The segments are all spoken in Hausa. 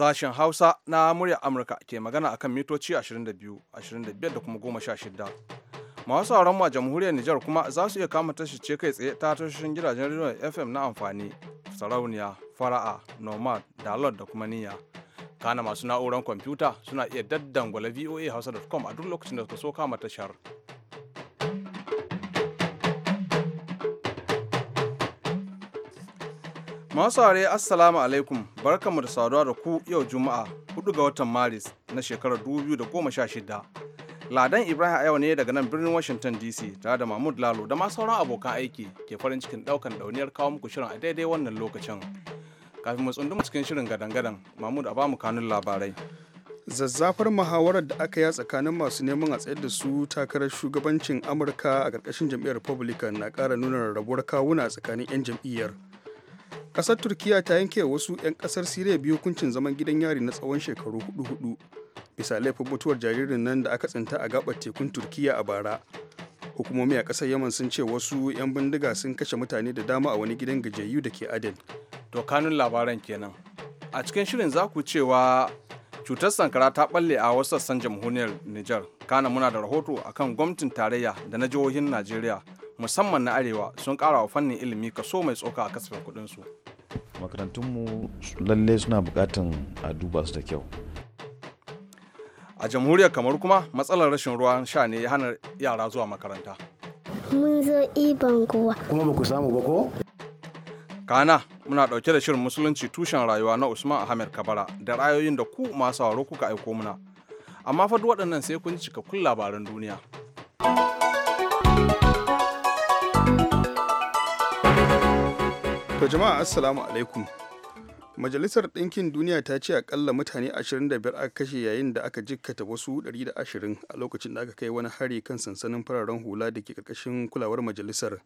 Sashen Hausa na murya Amurka ke magana a kan mitoci 22, 25 da kuma 16. Masu sauran ma jamhuriyar Nijar kuma za su iya kama tashi ce kai tsaye ta tashoshin gidajen rediyon FM na amfani, sarauniya, fara'a, nomad, dalot da kuma niyya. Kana masu na'urar kwamfuta suna iya daddangwala voa hausa.com a duk lokacin da suka so kama tashar. Masu are assalamu alaikum barkanmu da saduwa da ku yau juma'a 4 ga watan maris na shekarar 2016 ladan ibrahim a yau ne daga nan birnin washington dc tare da mahmud lalo da ma sauran abokan aiki ke farin cikin daukan dauniyar kawo muku shirin a daidai wannan lokacin kafin mu tsunduma cikin shirin gadangadan, gadan mahmud a bamu kanun labarai zazzafar muhawarar da aka yi tsakanin masu neman a tsayar da su takarar shugabancin amurka a ƙarƙashin jam'iyyar republican na ƙara nuna rarrabuwar kawuna tsakanin 'yan jam'iyyar ƙasar turkiya ta yanke wasu 'yan ƙasar siriya biyu hukuncin zaman gidan yari na tsawon shekaru hudu hudu bisa laifin mutuwar jaririn nan da aka tsinta a gabar tekun turkiya a bara hukumomi a ƙasar yaman sun ce wasu 'yan bindiga sun kashe mutane da dama a wani gidan gajiyayyu da ke aden to kanun labaran kenan a cikin shirin za ku cewa cutar sankara ta balle a wasu sassan jamhuriyar niger kana muna da rahoto akan gwamnatin tarayya da na jihohin najeriya musamman na arewa sun kara wa fannin ilimi kaso mai tsoka a kasafin kuɗinsu makarantunmu lalle suna buƙatan a duba su da kyau a jamhuriyar kamar kuma matsalar rashin ruwan sha ne ya hana yara zuwa makaranta mun zo iban kowa kuma ba ku samu ba ko kana muna ɗauke da shirin musulunci tushen rayuwa na usman ahmed kabara da rayoyin da ku masu sauraro kuka aiko muna amma fa duk waɗannan sai kun ci cikakkun labaran duniya. To jama'a assalamu alaikum. Majalisar Ɗinkin Duniya ta ce akalla mutane 25 aka kashe yayin da aka jikkata wasu 120 a lokacin da aka kai wani hari kan sansanin fararen hula da ke karkashin kulawar majalisar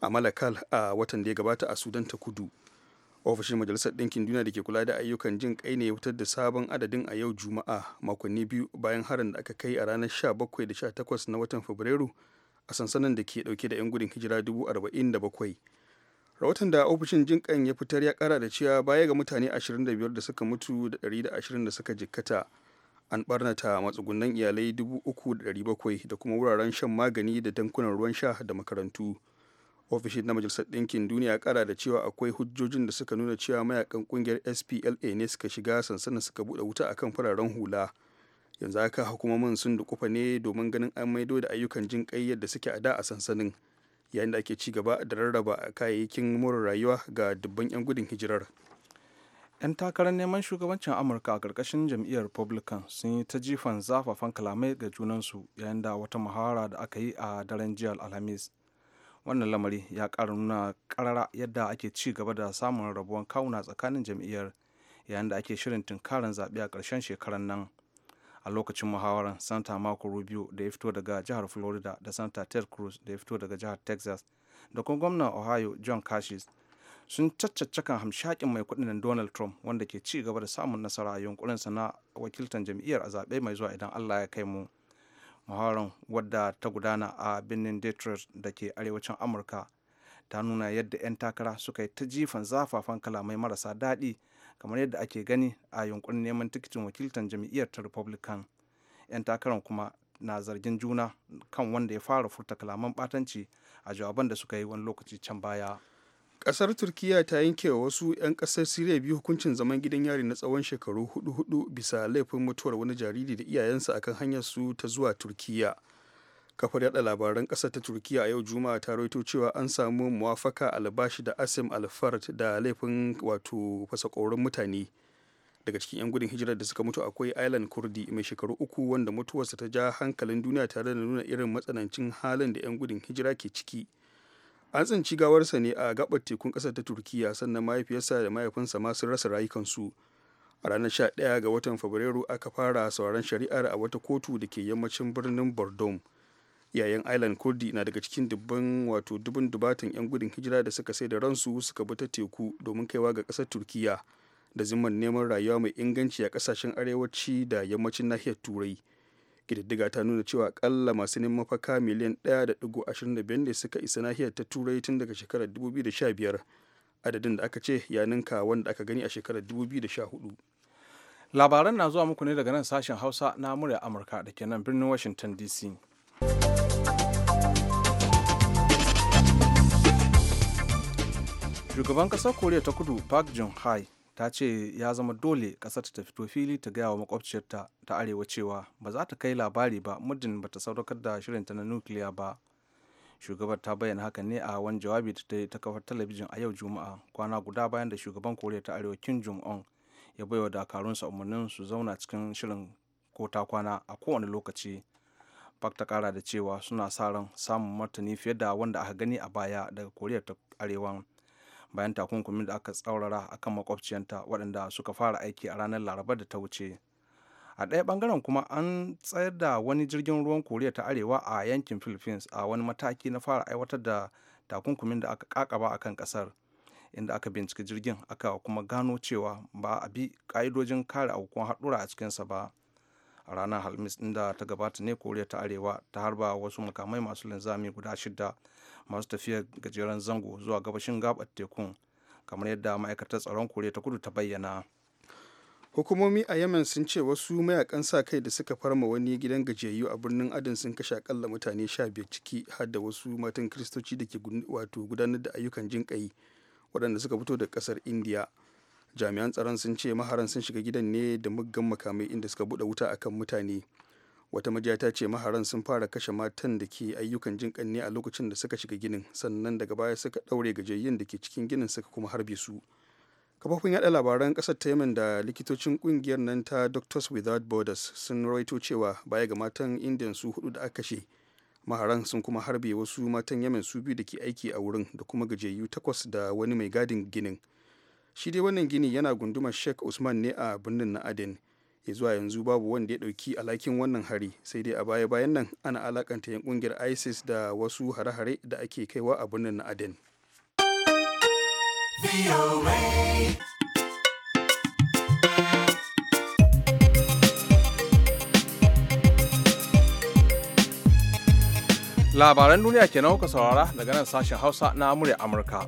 a Malakal a watan da ya gabata a Sudan ta kudu. Ofishin Majalisar Ɗinkin Duniya da ke kula da ayyukan jin kai ne ya fitar da sabon adadin a yau Juma'a makonni biyu bayan harin da aka kai a ranar 17 da 18 na watan Fabrairu a sansanin da ke ɗauke da 'yan gudun hijira 47. rahoton da ofishin jinkan ya fitar ya kara da cewa baya ga mutane 25 da suka mutu da 120 da suka jikkata an barnata matsugunan iyalai 3,700 da kuma wuraren shan magani da dankunan ruwan sha da makarantu ofishin na majalisar ɗinkin duniya kara da cewa akwai hujjojin da suka nuna cewa mayakan kungiyar spla ne suka shiga sansanin suka buɗe wuta akan fararen hula yanzu haka hukumomin sun dukufa ne domin ganin an maido da ayyukan jin yadda suke a da a sansanin yayin da ake ci gaba da rarraba kayayyakin more rayuwa ga dubban 'yan gudun hijirar 'yan takarar neman shugabancin amurka a karkashin jam'iyyar republican sun yi ta jifan zafafan kalamai ga junansu yayin da wata muhawara da aka yi a daren jiya alhamis wannan lamari ya ƙara nuna ƙarara yadda ake ci gaba da samun rabuwan kawuna tsakanin jam'iyyar yayin da ake shirin tunkarin zaɓe a ƙarshen shekarar nan a lokacin muhawarar santa marco rubio da ya fito daga jihar florida da santa ted cruz da ya fito daga jihar texas da kuma gwamnan ohio john cashes sun caccaccakan hamshakin mai kudin donald trump wanda ke ci gaba da samun nasara a yunkurinsa na wakiltar jam'iyyar a zaɓe mai zuwa idan allah ya kai mu muhawarar wadda ta gudana a birnin detroit da ke arewacin amurka ta nuna yadda 'yan takara suka yi ta jifan zafafan kalamai marasa daɗi kamar yadda ake gani a yunkurin neman tikitin wakiltar jam'iyyar ta republican 'yan takarar kuma na zargin juna kan wanda ya fara furta kalaman batanci a jawaban da suka yi wani lokaci can baya kasar turkiya ta yanke wa wasu 'yan kasar siriya biyu hukuncin zaman gidan yari na tsawon shekaru hudu hudu bisa laifin mutuwar wani jariri da iyayensa akan hanyar su ta zuwa turkiya kafar yada labaran kasa ta turkiya a yau juma'a ta rawaito cewa an samu muwafaka albashi da asim alfard da laifin wato fasakorin mutane daga cikin 'yan gudun hijirar da suka mutu akwai island kurdi mai shekaru uku wanda mutuwarsa ta ja hankalin duniya tare da nuna irin matsanancin halin da 'yan gudun hijira ke ciki an tsinci gawarsa ne a gabar tekun ƙasar ta turkiya sannan mahaifiyarsa da mahaifinsa ma sun rasa rayukansu a ranar 11 ga watan fabrairu aka fara sauran shari'ar a wata kotu da ke yammacin birnin bordeaux yayin island kurdi na daga cikin dubban wato dubin dubatan 'yan gudun hijira da suka sai da ransu suka bi ta teku domin kaiwa ga kasar turkiya da zimman neman rayuwa mai inganci a kasashen arewaci da yammacin nahiyar turai ƙididdiga ta nuna cewa akalla masu neman mafaka miliyan 1.25 ne suka isa nahiyar ta turai tun daga shekarar 2015 adadin da aka ce ya ninka wanda aka gani a shekarar 2014 labaran na zuwa muku ne daga nan sashen hausa na murya amurka da ke nan birnin washington dc shugaban kasar koriya ta kudu park jong hai ta ce ya zama dole kasar ta fito fili ta gaya wa makwabciyarta ta arewa cewa ba za ta kai labari ba muddin ba ta sadaukar da shirinta na nukiliya ba shugabar ta bayyana haka ne a wani jawabi da ta kafar talabijin a yau juma'a kwana guda bayan da shugaban koriya ta arewa kim jong un ya baiwa dakarunsa umarnin su zauna cikin shirin ko ta kwana a kowane lokaci pak ta kara da cewa suna sa ran samun martani fiye da wanda aka gani a baya daga koriya ta arewa bayan takunkumin da aka tsaurara a kan makwabciyanta waɗanda suka fara aiki a ranar laraba da ta wuce a ɗaya ɓangaren kuma an tsayar da wani jirgin ruwan koriya ta arewa a yankin philippines a wani mataki na fara aiwatar da takunkumin da aka kakaba a kan ƙasar inda aka binciki jirgin aka kuma gano cewa ba a bi ka'idojin kare aukuwan haɗura a cikinsa ba a ranar halmis inda ta gabata ne koriya ta arewa ta harba wasu makamai masu linzami guda shida masu tafiyar gajeren zango zuwa gabashin gabar tekun kamar yadda ma'aikatar tsaron koriya ta kudu ta bayyana hukumomi a yemen sun ce wasu mayakan sa kai da suka farma wani gidan gajiyayyu a birnin adin sun kashe akalla mutane sha biyar ciki har da wasu matan kiristoci da ke wato gudanar da ayyukan jinƙai waɗanda suka fito da ƙasar indiya jami'an tsaron sun ce maharan sun shiga gidan ne da muggan makamai inda suka buɗe wuta akan mutane wata majiya ta ce maharan sun fara kashe matan da ke ayyukan jin kanne a lokacin da suka shiga ginin sannan daga baya suka ɗaure gajiyayyen da ke cikin ginin suka kuma harbe su kafofin yada labaran kasar ta yemen da likitocin ƙungiyar nan ta doctors without borders sun rawaito cewa baya ga matan indiyan su hudu da aka kashe maharan sun kuma harbe wasu matan yemen su biyu da ke aiki a wurin da kuma gajiyayyu takwas da wani mai gadin ginin shi dai wannan gini yana gundumar sheikh usman ne a birnin na aden ya zuwa yanzu babu wanda ya ɗauki alhakin wannan hari sai dai a baya bayan nan ana alakanta yan kungiyar isis da wasu hare-hare da ake kaiwa a birnin na aden labaran duniya ke kuka saurara daga nan sashen hausa na amurya amurka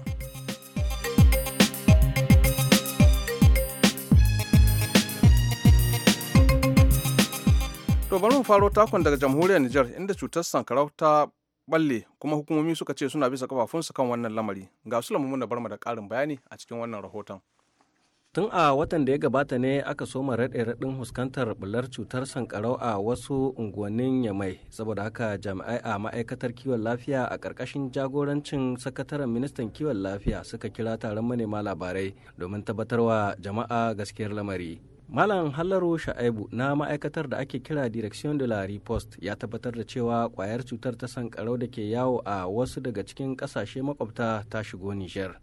To bari mu faro takon daga jamhuriyar Nijar inda cutar sankarau ta balle kuma hukumomi suka ce suna bisa kafafunsu kan wannan lamari. Ga su lamu bar barma da karin bayani a cikin wannan rahoton. Tun a watan da ya gabata ne aka soma raɗe-raɗin fuskantar bular cutar sankarau a wasu unguwannin yamai saboda haka jami'ai a ma'aikatar kiwon lafiya a ƙarƙashin jagorancin sakataren ministan kiwon lafiya suka kira taron manema labarai domin tabbatarwa jama'a gaskiyar lamari. Malam Hallaro Sha'aibu na ma'aikatar da ake kira Direction de la Riposte ya tabbatar da cewa kwayar cutar ta sankarau da ke yawo a wasu daga cikin kasashe makwabta ta shigo Nijar.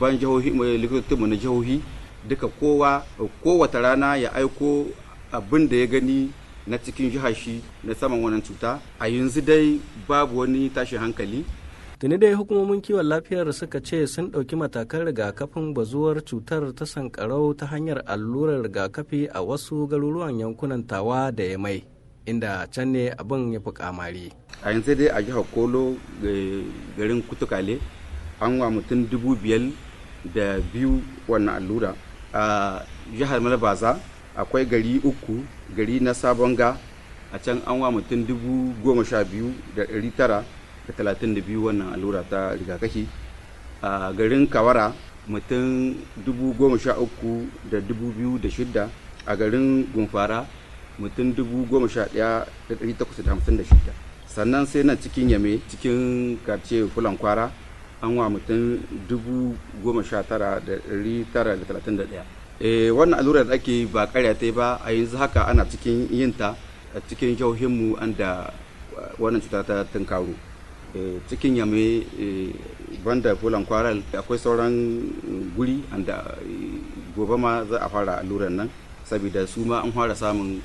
ban jihohi mai eh, likitocinmu na jihohi duka kowa kowata rana ya aiko abin da ya gani na cikin jihar shi na saman wannan cuta a yanzu dai babu wani tashi hankali tuni dai hukumomin kiwon lafiyar suka ce sun ɗauki matakan rigakafin bazuwar cutar ta sankarau ta hanyar allurar rigakafi a wasu garuruwan yankunan tawa da ya mai inda can ne abin ya fi kamari a yanzu dai a jihar kolo garin kutukale an wa mutum dubu biyar da biyu wannan allura a jihar malbaza akwai gari uku gari na sabon ga a can an wa mutum dubu goma sha biyu da ɗari tara da talatin da biyu wannan allura ta rigakafi a garin kawara mutum dubu goma sha uku da dubu biyu da shidda a garin gumfara mutum dubu goma sha ɗaya da ɗari takwas da hamsin da shidda sannan sai nan cikin yame cikin karce fulan kwara an wa mutum dubu goma sha tara da ɗari tara da talatin da ɗaya Eh, wannan allurar da ake ba karya ta ba a yanzu haka ana cikin yinta a cikin jauhinmu an da eh, wannan cuta ta tunkaru eh, cikin yame banda fulan kwaral akwai sauran guri da gobe ma za a fara allurar nan saboda su ma an fara samun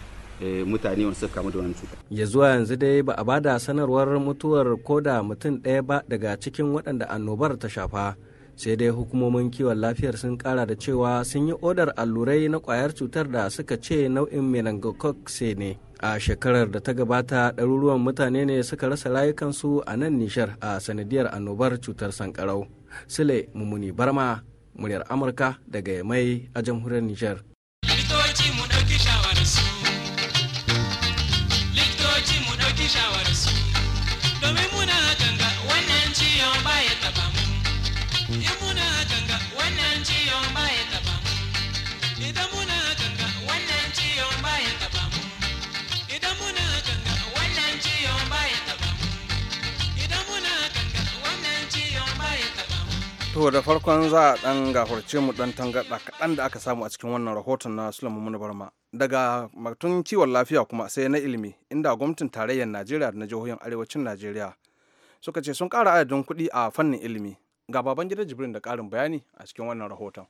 mutane wasu kamu da wani cuta. Ya zuwa yanzu dai ba a bada sanarwar mutuwar koda mutum ɗaya ba daga cikin waɗanda annobar ta shafa. sai dai hukumomin kiwon lafiyar sun kara da cewa sun yi odar allurai na kwayar cutar da suka ce nau'in meningococce ne a shekarar da ta gabata ɗaruruwan mutane ne suka rasa rayukansu a nan nishar a sanadiyar annobar cutar sankarau sule mumuni barma muryar amurka daga mai a jamhuriyar nishar To da farkon za a ɗan gafarce mu ɗan tangaɗa kaɗan da aka samu a cikin wannan rahoton na Sulaiman Barma. Daga matun kiwon lafiya kuma sai na ilimi inda gwamnatin tarayyar Najeriya da na jihohin arewacin Najeriya suka ce sun ƙara adadin kuɗi a fannin ilimi ga baban gidan jibrin da karin bayani a cikin wannan rahoton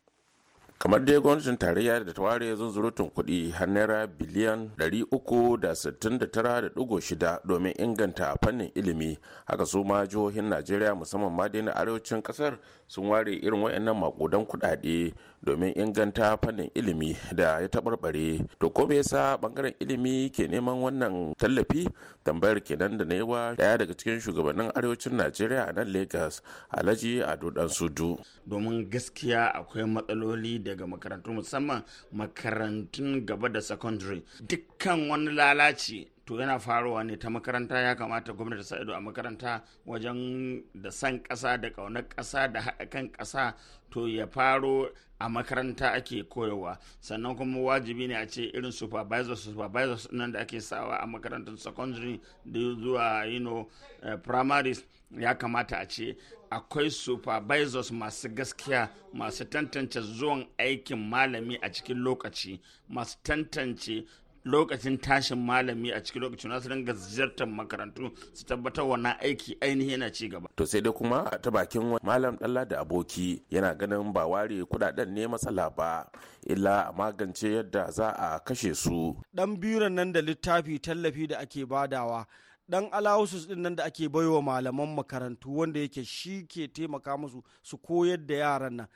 kamar dai gwamnatin tarayya da ta ware zunzurutun kuɗi har naira biliyan 369.6 domin inganta fannin ilimi haka su ma jihohin najeriya musamman ma dai na arewacin kasar sun ware irin wayannan makudan kuɗaɗe domin inganta fannin ilimi da ya taɓarɓare to ko me yasa bangaren ilimi ke neman wannan tallafi tambayar kenan da naiwa yi daya daga cikin shugabannin arewacin najeriya a nan lagos alhaji ado dan sudu domin gaskiya akwai matsaloli daga makarantu musamman makarantun gaba da secondary dukkan wani lalaci to yana faruwa ne ta makaranta ya kamata gwamnati sa ido a makaranta wajen da san ƙasa da ƙaunar ƙasa da haɗa kan ƙasa to ya faro a makaranta ake koyawa sannan kuma wajibi ne a ce irin supervisor supervisor nan da ake sawa a makarantar secondary da zuwa you know, eh, primaries ya kamata a ce akwai supervisors masu gaskiya masu tantance zuwan aikin malami a cikin lokaci masu tantance lokacin tashin malami a cikin lokacin nasu dinga ziyartar makarantu su tabbatar wani aiki ainihin yana ci gaba. To sai dai kuma ta bakin malam Dalla da aboki yana ganin ba ware kudaden ne matsala ba illa a magance yadda za a kashe su. Dan biran nan da littafi tallafi da ake badawa dan alausus din nan da ake baiwa malaman makarantu wanda yake shi ke taimaka musu su koyar da yaran nan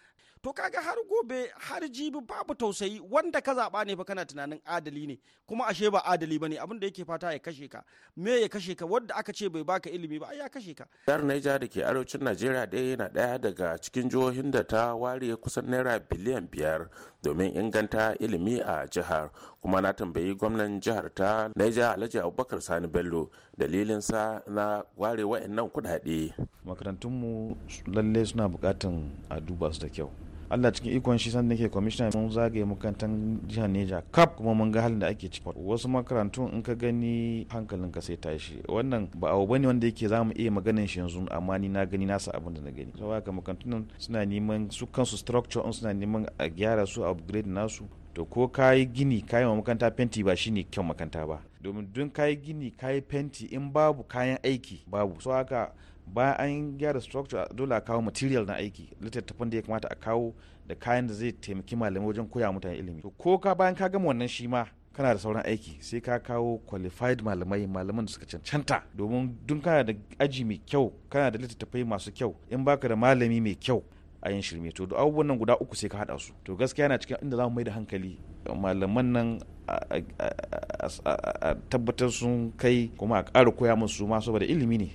to kaga har gobe har jibi babu tausayi wanda ka zaba ne fa kana tunanin adali ne kuma ashe ba adali bane abin da yake fata ya kashe ka me ya kashe ka wanda aka ce bai baka ilimi ba ai ya kashe ka jihar Niger da ke arewacin Najeriya ɗaya yana daya daga cikin jihohin da ta ware kusan naira biliyan biyar domin inganta ilimi a jihar kuma na tambayi gwamnan jihar ta Niger Alhaji Abubakar Sani Bello dalilinsa na ware wa'annan kuɗaɗe. makarantunmu lalle suna buƙatan a duba su da kyau Allah cikin ikon shi sanda ke kwamishina mun zagaye makarantar jihar Neja kap kuma mun ga halin da ake ciki wasu makarantu in ka gani hankalin ka sai tashi wannan ba abu bane wanda yake zamu iya maganin shi yanzu amma ni na gani nasa abin da na gani saboda haka makarantun suna neman su kansu structure suna neman a gyara su upgrade nasu to ko kayi gini kayi ma makaranta fenti ba shine kyau makaranta ba domin dun kayi gini kayi fenti in babu kayan aiki babu so haka bayan an gyara structure dole a kawo material na aiki littattafan da ya kamata a kawo da kayan da zai taimaki malamai wajen koya mutane ilimi ko ka bayan ka gama wannan shi ma kana da sauran aiki sai ka kawo qualified malamai malaman da suka cancanta domin dun kana da aji mai kyau kana da littattafai masu kyau in baka da malami mai kyau a yin shirme to da abubuwan nan guda uku sai ka hada su to gaskiya na cikin inda za mu mai da hankali malaman nan a tabbatar sun kai kuma a ƙara koya musu ma saboda ilimi ne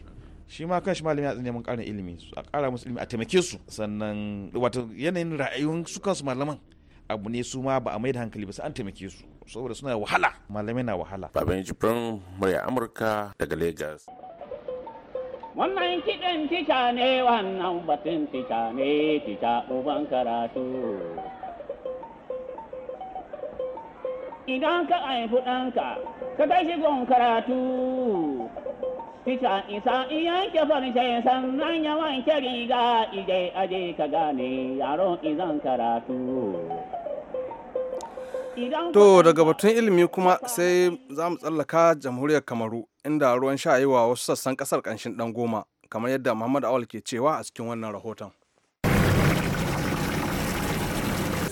shi ma kan shi malami ya neman ƙarin ilimi a ƙara musu ilimi a taimake su sannan wato yanayin ra'ayoyin su kansu malaman abu ne su ma ba a mai da hankali ba sai an taimake su saboda suna wahala malamai na wahala baban jibrin murya amurka daga lagos wannan kiɗin tica ne wannan batun tisha ne tisha uban karatu idan ka haifi ɗanka ka kai shi karatu tisha isa iya ke farce sannan ya wanke riga ije aje ka gane yaro izan karatu To daga batun ilimi kuma sai za mu tsallaka jamhuriyar Kamaru inda ruwan sha yi wa wasu sassan kasar kanshin ɗan goma kamar yadda muhammad awal ke cewa a cikin wannan rahoton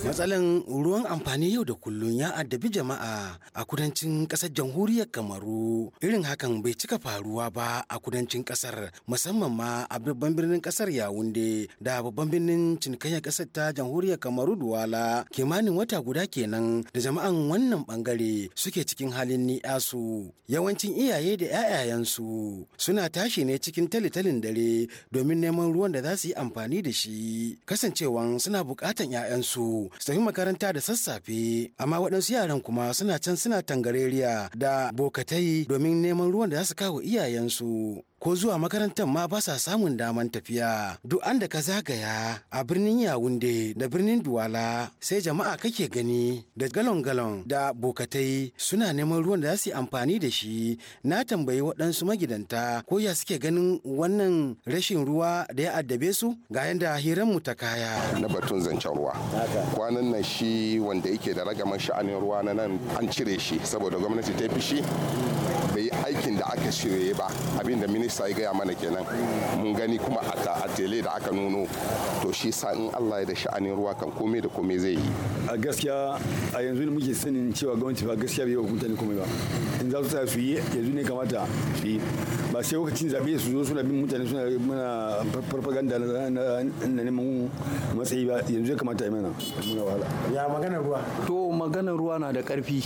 Matsalan ruwan amfani yau da kullum ya addabi jama'a a kudancin ƙasar jamhuriyar Kamaru. Irin hakan bai cika faruwa ba a kudancin ƙasar musamman ma a babban birnin ƙasar Yawunde da babban birnin cinikayyar ƙasar ta jamhuriyar Kamaru Duwala. Kimanin wata guda kenan da jama'an wannan bangare suke cikin halin su, Yawancin iyaye da 'ya'yayensu suna tashi ne cikin talitalin dare domin neman ruwan da za su yi amfani da shi. Kasancewan suna bukatan 'ya'yansu sun yi makaranta da sassafe amma waɗansu yaran kuma suna can suna tangareriya da bokatai domin neman ruwan da za su kawo iyayensu ko zuwa makarantar ma ba sa samun daman tafiya duk an da ka zagaya a birnin yawunde da birnin duwala sai jama'a kake gani da galon-galon da bokatai suna neman ruwan da za su amfani da shi na tambayi waɗansu magidanta ko ya suke ganin wannan rashin ruwa da ya addabe su ga yadda hiran mu ta kaya na batun zancen ruwa kwanan nan shi wanda yake da ragaman sha'anin ruwa na nan an cire shi saboda gwamnati ta fi shi bai aikin da aka shirye ba abin da Isa ya gaya mana kenan mun gani kuma a tele da aka nuno to shi sa in Allah ya da sha'anin ruwa kan komai da komai zai yi a gaskiya a yanzu ne muke sanin cewa gwamnati ba gaskiya bai hukunta ne komai ba in za su tsaya su yi yanzu ne kamata su yi ba sai lokacin zaɓe su zo suna bin mutane suna mana farfaganda na neman matsayi ba yanzu ya kamata ya mana muna wahala ya magana ruwa to magana ruwa na da ƙarfi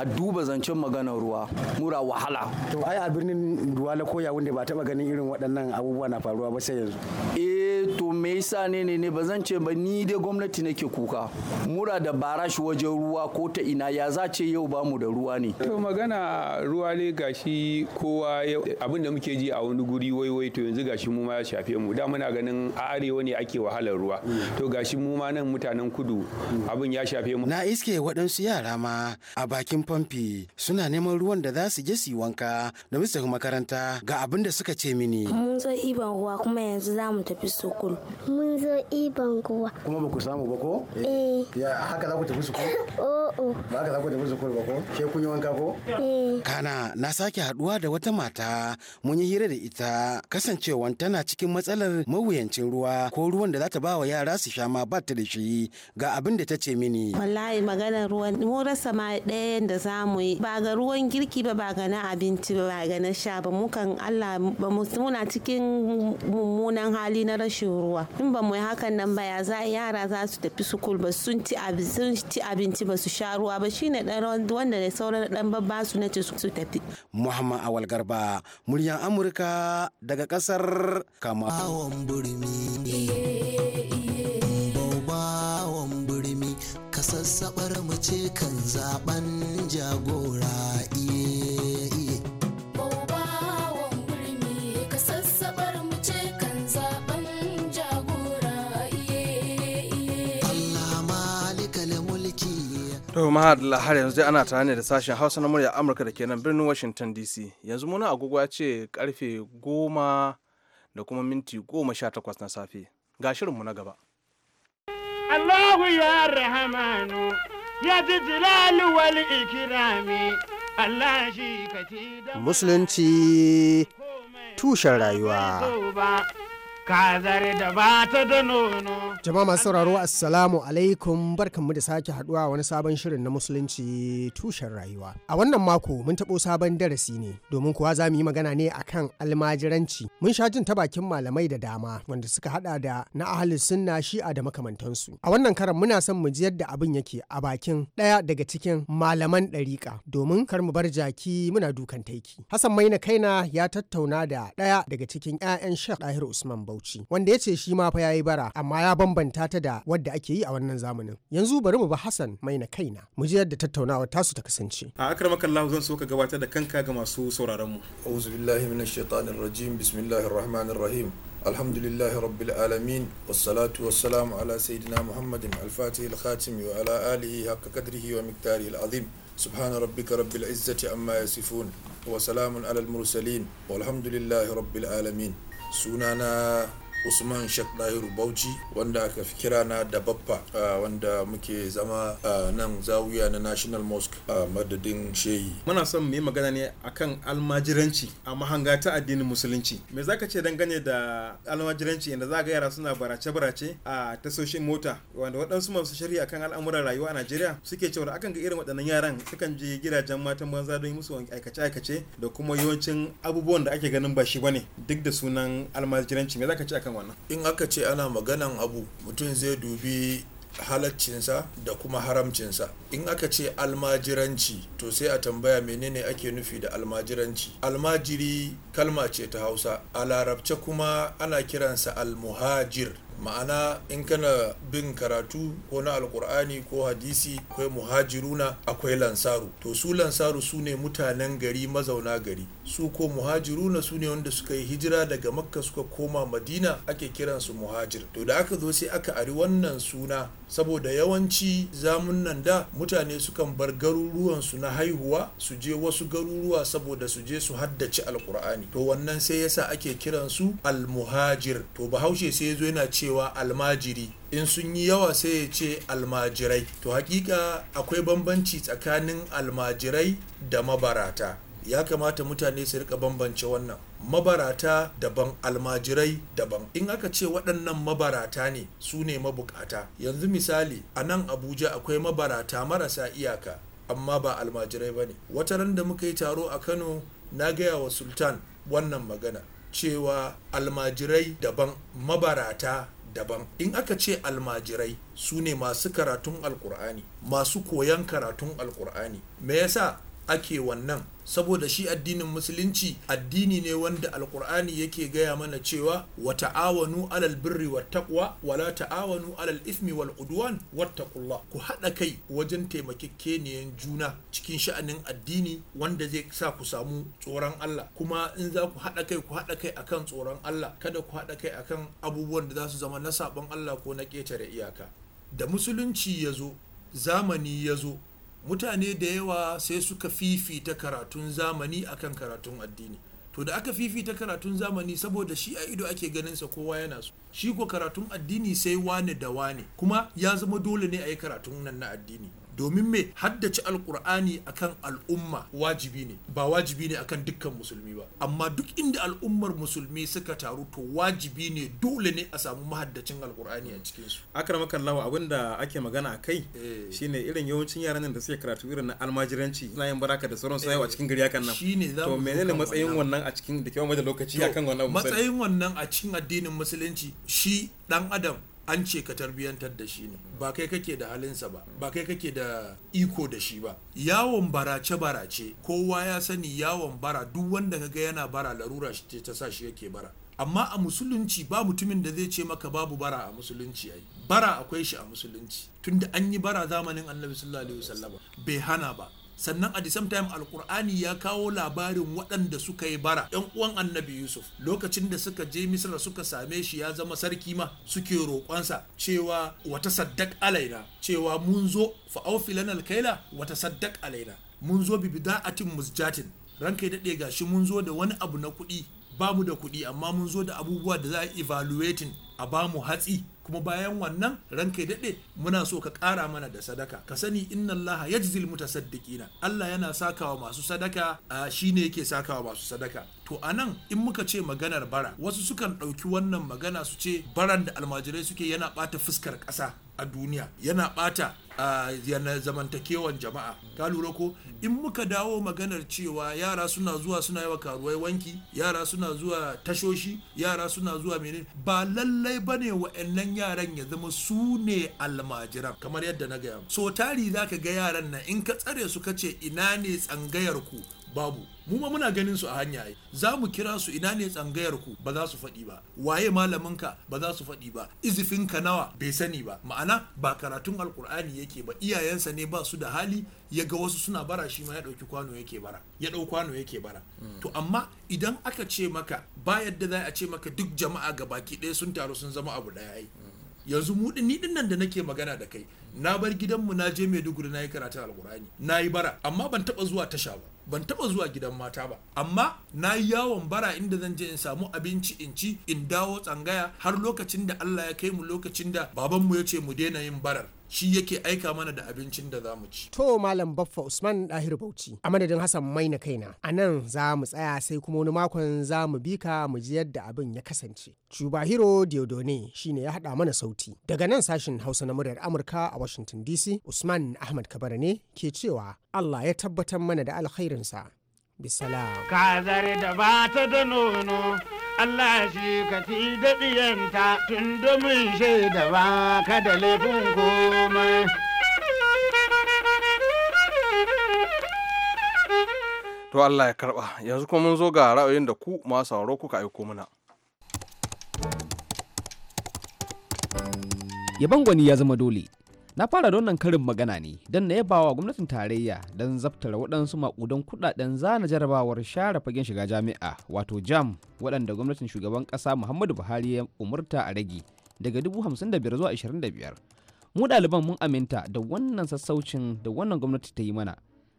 a duba zancen magana ruwa mura wahala to ai a birnin ruwa la koya. wanda ba taba ganin irin waɗannan abubuwa na faruwa ba sai yanzu eh to me yasa ne ne ne ba zan ce ba ni dai gwamnati nake kuka mura da barash wajen ruwa ko ta ina ya za ce yau ba mu da ruwa ne to magana ruwa ne gashi kowa abin da muke ji a wani guri wai wai to yanzu gashi mu ma ya shafe mu da muna ganin a arewa ne ake wahalar ruwa to gashi mu ma nan mutanen kudu abin ya shafe mu na iske waɗansu yara ma a bakin famfi suna neman ruwan da za su je su yi wanka da su makaranta ga abin da suka ce mini mun zo iban ruwa kuma yanzu za mu tafi sukul mun zo iban ruwa kuma ba ku samu ba ko eh ya haka za ku tafi sukul o'o oh, oh. ba haka za ku tafi sukul ba ko ke kun yi wanka ko eh kana na sake haduwa da wata mata mun yi hira da ita kasancewan tana cikin matsalar mawuyancin ruwa ko ruwan da za ta ba wa yara su sha ma ba ta da shi ga abin da ta ce mini wallahi maganar ruwan mun rasa ma ɗayan da za mu yi ba ga ruwan girki ba ba ga na abinci ba ba ga na sha ba mukan Allah Allah ba mu muna cikin mummunan hali na rashin ruwa in ba mu yi hakan nan ba ya za yara za su tafi sukul ba sun ci abinci ba su sha ruwa ba shine dan wanda da sauran dan babba su na ce su tafi Muhammad Awal Garba muryan Amurka daga kasar Kamaru burmi sassabar mu ce kan zaben jagora iya to mahadala lahar yanzu ana tare ne da sashen hausa na murya amurka da ke nan birnin washington dc yanzu muna agogo ce karfe goma da kuma minti goma sha takwas na safe ga shirinmu na gaba allahu ya rahamanu ya ji jilali wali ikirami allah shi ka ci da musulunci tushen rayuwa kazar da ba da nono. Jama'a masu sauraro Assalamu alaikum barkanmu da sake haduwa wani sabon shirin na musulunci tushen rayuwa. A wannan mako mun taɓo sabon darasi ne domin kuwa za mu yi magana ne akan almajiranci. Mun sha jin ta bakin malamai da dama wanda suka hada da na ahli sunna shi'a da makamantansu. A wannan karan muna son mu ji yadda abin yake a bakin ɗaya daga cikin malaman ɗariƙa domin kar mu bar jaki muna dukan taiki. Hassan Maina Kaina ya tattauna da ɗaya daga cikin 'ya'yan Sheikh Dahir Usman bau. Bauchi wanda ya ce shi ma fa yayi bara amma ya bambanta ta da wadda ake yi a wannan zamanin. Yanzu bari mu ba Hassan mai na kaina mu ji yadda tattaunawa tasu ta kasance. A Allah zan so ka gabatar da kanka ga masu sauraron mu. A'udhu billahi minash shaitanir rajim. Bismillahir rahmanir rahim. الحمد لله رب العالمين والصلاة والسلام على سيدنا محمد الفاتح الخاتم وعلى آله حق قدره ومقداره العظيم سبحان ربك رب العزة عما يصفون وسلام على المرسلين والحمد لله رب العالمين sunana usman shek lahiru bauchi wanda aka fi kira na da baffa wanda muke zama nan zawuya na national mosque a madadin shehi muna son mu yi magana ne akan almajiranci a mahanga ta addinin musulunci me zaka ce dangane da almajiranci inda za ga yara suna barace barace a tasoshin mota wanda waɗansu masu shari'a kan al'amuran rayuwa a najeriya suke cewa akan ga irin waɗannan yaran sukan je gidajen matan banza don yi musu aikace aikace da kuma yawancin abubuwan da ake ganin ba shi bane duk da sunan almajiranci me zaka ce akan akan wannan in aka ce ana maganan abu mutum zai dubi halaccinsa da kuma haramcinsa in aka ce almajiranci to sai a tambaya menene ake nufi da almajiranci almajiri kalma ce ta hausa a larabce kuma ana kiransa almuhajir ma'ana in kana bin karatu ko na alkur'ani ko hadisi akwai muhajiruna akwai lansaru to su lansaru su ne mutanen gari mazauna gari su ko muhajiruna su ne wanda suka yi hijira daga makka suka koma madina ake kiransu muhajir to da aka zo sai aka ari wannan suna saboda yawanci zamun nan da mutane sukan bar garuruwansu na haihuwa su je wasu garuruwa saboda su je su haddace alkur'ani to wannan sai yasa ake kiransu almuhajir to bahaushe sai ya zo yana ce cewa almajiri in sun yi yawa sai ya ce almajirai to hakika akwai bambanci tsakanin almajirai da mabarata ya kamata mutane su rika bambance wannan mabarata daban almajirai daban in aka ce waɗannan mabarata ne su ne mabukata yanzu misali a nan abuja akwai mabarata marasa iyaka amma ba almajirai ba ne wata ran da muka yi taro a kano na gaya wa sultan wannan magana cewa almajirai daban mabarata daban in aka ce almajirai su ne masu karatun alkur'ani masu koyon karatun alkur'ani me yasa ake wannan saboda shi addinin musulunci addini ne wanda alkur'ani yake gaya mana cewa wa ta'awanu alal birri wa taqwa wa la ta'awanu alal ismi wal udwan wattaqullah ku hada kai wajen taimakekeniyan juna cikin sha'anin addini wanda zai sa ku samu tsoron Allah kuma in za ku hada kai ku hada kai akan tsoron Allah kada ku hada kai akan abubuwan da za su zama na saban Allah ko na ketare iyaka da musulunci ya zo zamani ya zo mutane da yawa sai suka fifita karatun zamani akan karatun addini to da aka fifita karatun zamani saboda shi a ido ake ganin sa kowa yana so shi ko karatun addini sai wane da wane kuma ya zama dole ne a yi karatun nan na addini domin me haddace alkur'ani akan al'umma wajibi ne ba wajibi ne akan dukkan musulmi ba amma duk inda al'ummar musulmi suka taru to wajibi ne dole ne a samu mahaddacin alkur'ani a cikin su akramakan lawa abinda ake magana akai eh. shine irin yawancin yaran da suke karatu irin na almajiranci suna yin baraka da sauran su a cikin gari akan nan shine to menene matsayin wannan a cikin da kyau da lokaci akan wannan matsayin wannan a cikin addinin musulunci shi dan adam an ce ka tarbiyantar da shi ne ba kai kake da halinsa ba ba kai kake da iko da shi ba yawon barace barace kowa ya sani yawon bara duk wanda kaga yana bara larura shi ta sa shi yake bara amma a musulunci ba mutumin da zai ce maka babu bara a musulunci ai bara akwai shi a musulunci tunda an yi bara zamanin annabi sallallahu alaihi wasallam bai hana ba sannan a the same time alkur'ani ya kawo labarin waɗanda suka yi bara yan uwan annabi yusuf lokacin da suka je misra suka same shi ya zama sarki ma suke roƙonsa cewa wata saddak alaina cewa mun zo fa'aufilan alkaila wata saddak alaina mun zo bi bida'atin musjatin ranka ya daɗe gashi mun zo da wani abu na kuɗi ba mu da kuɗi amma mun zo da abubuwa da za a evaluating a ba mu hatsi kuma bayan wannan ranka daɗe muna so ka ƙara mana da sadaka ka sani inna allaha yajzil mutasaddiqina Allah yana sakawa masu sadaka a shi ne yake sakawa masu sadaka to a nan in muka ce maganar bara wasu sukan ɗauki wannan magana su ce baran da almajirai suke yana ɓata fuskar ƙasa a duniya yana bata a yana zamantakewan jama'a ka lura ko in muka dawo maganar cewa yara suna zuwa suna yawa karuwai wanki yara suna zuwa tashoshi yara suna zuwa menene ba lallai bane wa'annan yaran ya zama su ne almajiran kamar yadda na gaya so tari zaka ga yaran nan in ka tsare su ka ce ina ne tsangayar ku babu mu ma muna ganin su a hanya ai za mu kira su ina ne tsangayar ku ba za su faɗi ba waye malaminka ba za su faɗi ba izifinka nawa bai sani ba ma'ana ba karatun alkur'ani yake ba iyayensa ne ba su da hali ya ga wasu suna bara shi ma ya ɗauki kwano yake bara ya ɗau kwano yake bara hmm. to amma idan aka ce maka ba yadda za a ce maka duk jama'a ga baki ɗaya sun taru sun zama abu ɗaya ai hmm. yanzu mu ni din nan da nake magana da kai na bar gidanmu na je Maiduguri na yi karatun alkur'ani na yi bara amma ban taɓa zuwa tasha ba ban taba zuwa gidan mata ba amma na yi yawon bara inda zan je in samu abinci in ci in dawo tsangaya har lokacin da Allah ya kai mu lokacin da babanmu ya ce mu daina yin barar shi yake aika mana da abincin da za mu ci. To Malam Baffa Usman Dahir Bauchi a madadin Hassan Maina kaina a nan za mu tsaya sai kuma wani makon za mu bika ka mu ji yadda abin ya kasance. Chubahiro Diodone ne ya haɗa mana sauti. Daga nan sashin Hausa na muryar Amurka a Washington DC Usman Ahmad Kabara ne ke cewa Allah ya tabbatar mana da alkhairinsa bisala Kazar da ba ta da nono, Allah shi ka fi daɗiyanta tun da mun shaida ba ka da laifin komai. To Allah ya karɓa, yanzu kuma mun zo ga ra'ayoyin da ku masu sauro kuka aiko mana. Yaban gwani ya zama dole, na fara da wannan karin magana ne don na yaba wa gwamnatin tarayya don zaftar waɗansu maƙudan kuɗaɗen zana jarabawar share fagen shiga jami'a wato jam waɗanda gwamnatin shugaban ƙasa muhammadu buhari ya umurta a rage daga dubu hamsin da biyar zuwa ashirin da biyar mu ɗaliban mun aminta da wannan sassaucin da wannan gwamnati ta yi mana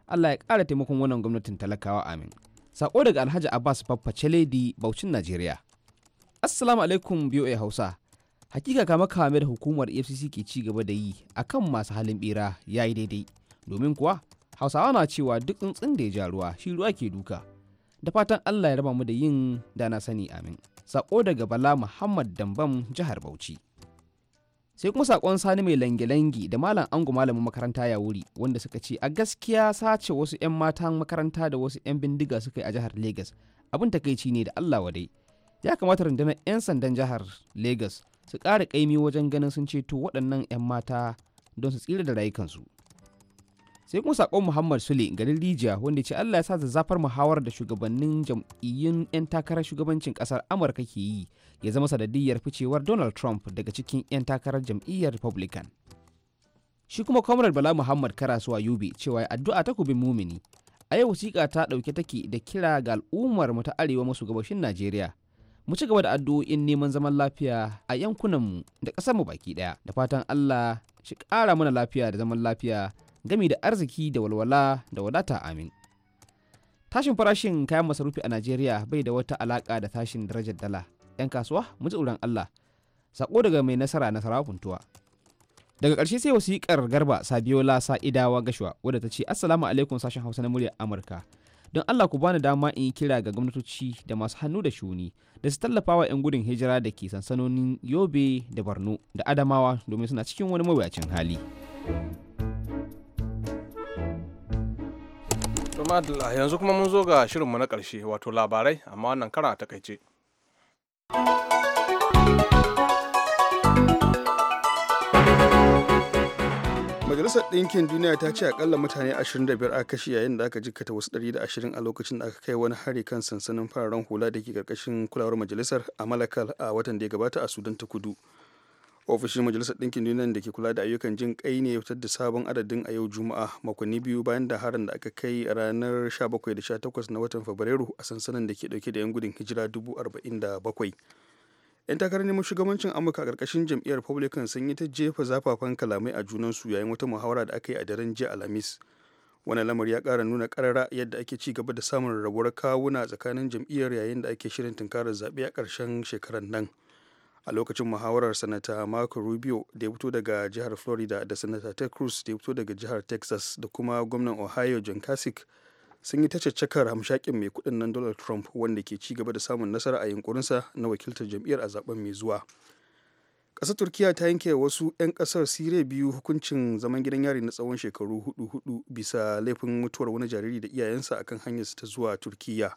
allah ya ƙara taimakon wannan gwamnatin talakawa amin sako daga alhaji abbas faffacele chaledi baucin najeriya assalamu alaikum biyo hausa hakika kama kame da hukumar efcc ke ci gaba da yi akan masu halin bera ya yi daidai domin kuwa hausawa na cewa duk tsuntsun da ya ja ruwa shi ruwa ke duka da fatan allah ya raba mu da yin da na sani amin sako daga bala muhammad dambam jihar bauchi sai kuma sakon sani mai lange langi da malam ango malamin makaranta ya wuri wanda suka ce a gaskiya sace wasu 'yan matan makaranta da wasu 'yan bindiga suka yi a jihar lagos abin takaici ne da allah wadai ya kamata rundunar 'yan sandan jihar lagos su ƙara ƙaimi wajen ganin sun ceto waɗannan 'yan mata don su tsira da rayukansu sai kuma sakon muhammad sule garin rijiya wanda ce allah ya sa zazzafar muhawar da shugabannin jam'iyyun 'yan takarar shugabancin ƙasar amurka ke yi ya zama sanadiyyar ficewar donald trump daga cikin 'yan takarar jam'iyyar republican shi kuma comrade bala muhammad karasuwa yobe cewa addu'a ta kubin mumini a yau wasiƙa ta ɗauke take da kira ga al'ummar mu ta arewa masu gabashin najeriya mu ci gaba da addu'o'in neman zaman lafiya a yankunanmu da ƙasarmu baki ɗaya da fatan Allah shi ƙara mana lafiya da zaman lafiya gami da arziki da walwala da wadata amin tashin farashin kayan masarufi a Najeriya bai da wata alaƙa da tashin darajar dala 'yan kasuwa mu ji tsoron Allah sako daga mai nasara na sarakuntuwa daga ƙarshe sai wasiƙar garba sabiola sa'idawa gashuwa wadda ta ce assalamu alaikum sashen hausa na muryar amurka don Allah ku bani dama in yi kira ga gwamnatoci da masu hannu da shuni da su tallafa wa 'yan gudun hijira da ke sansanonin yobe da barno da adamawa domin suna cikin wani mawuyacin hali yanzu kuma mun zo ga shirin mu na ƙarshe wato labarai amma wannan kara a takaice. majalisar ɗinkin duniya ta ce akalla mutane 25 a kashi yayin da aka jikata wasu 120 a lokacin da aka kai wani hari kan sansanin fararen hula da ke karkashin kulawar majalisar a malakal a watan da ya gabata a sudan ta kudu ofishin majalisar dinkin duniya da ke kula da ayyukan jin kai ne ya fitar da sabon adadin a yau juma'a makonni biyu bayan da harin da aka kai a ranar 17 da 18 na watan fabrairu a sansanin da ke dauke da 'yan gudun hijira 47 'yan takarar neman shugabancin amurka a ƙarƙashin jam'iyyar republican sun yi ta jefa zafafan kalamai a junansu yayin wata muhawara da aka yi a daren jiya alhamis wani lamari ya kara nuna karara yadda ake ci gaba da samun rabuwar kawuna tsakanin jam'iyyar yayin da ake shirin tunkarar zaɓe a ƙarshen shekarar nan a lokacin muhawarar sanata marco rubio da ya fito daga jihar florida da sanata ted cruz da ya fito daga jihar texas da kuma gwamnan ohio john kasich sun yi ta caccakar hamshakin mai kudin nan donald trump wanda ke ci gaba da samun nasara a yunkurinsa na wakiltar jam'iyyar a zaben mai zuwa ƙasar turkiya ta yanke wasu 'yan ƙasar siriya biyu hukuncin zaman gidan yari na tsawon shekaru hudu hudu bisa laifin mutuwar wani jariri da iyayensa akan su ta zuwa turkiya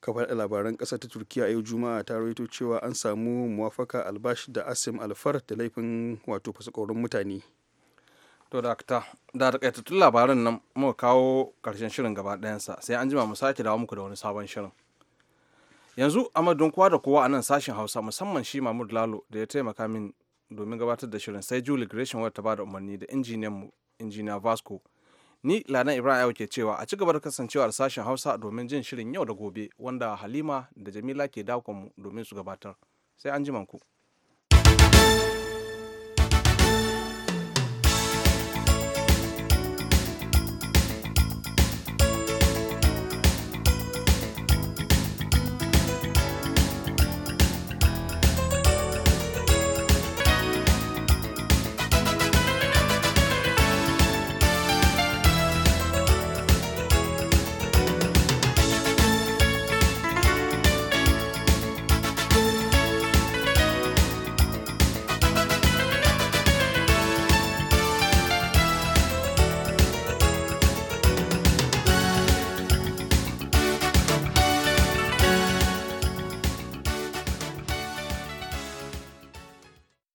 kafar labaran ƙasar ta turkiya yau juma'a ta rawaito cewa an samu muwafaka albash da asim alfar da laifin wato fasakorin mutane to dakta ta da takaitattun labaran nan muka kawo karshen shirin gaba ɗayansa sai an jima mu sake dawo muku da wani sabon shirin yanzu a madun kowa da kowa a nan sashen hausa musamman shi mahmud lalo da ya taimaka min domin gabatar da shirin sai julie gresham wadda ta bada umarni da injiniyan mu injiniya vasco ni ladan ibrahim ayo ke cewa a ci gaba da kasancewa da sashen hausa domin jin shirin yau da gobe wanda halima da jamila ke dakon mu domin su gabatar sai an ku.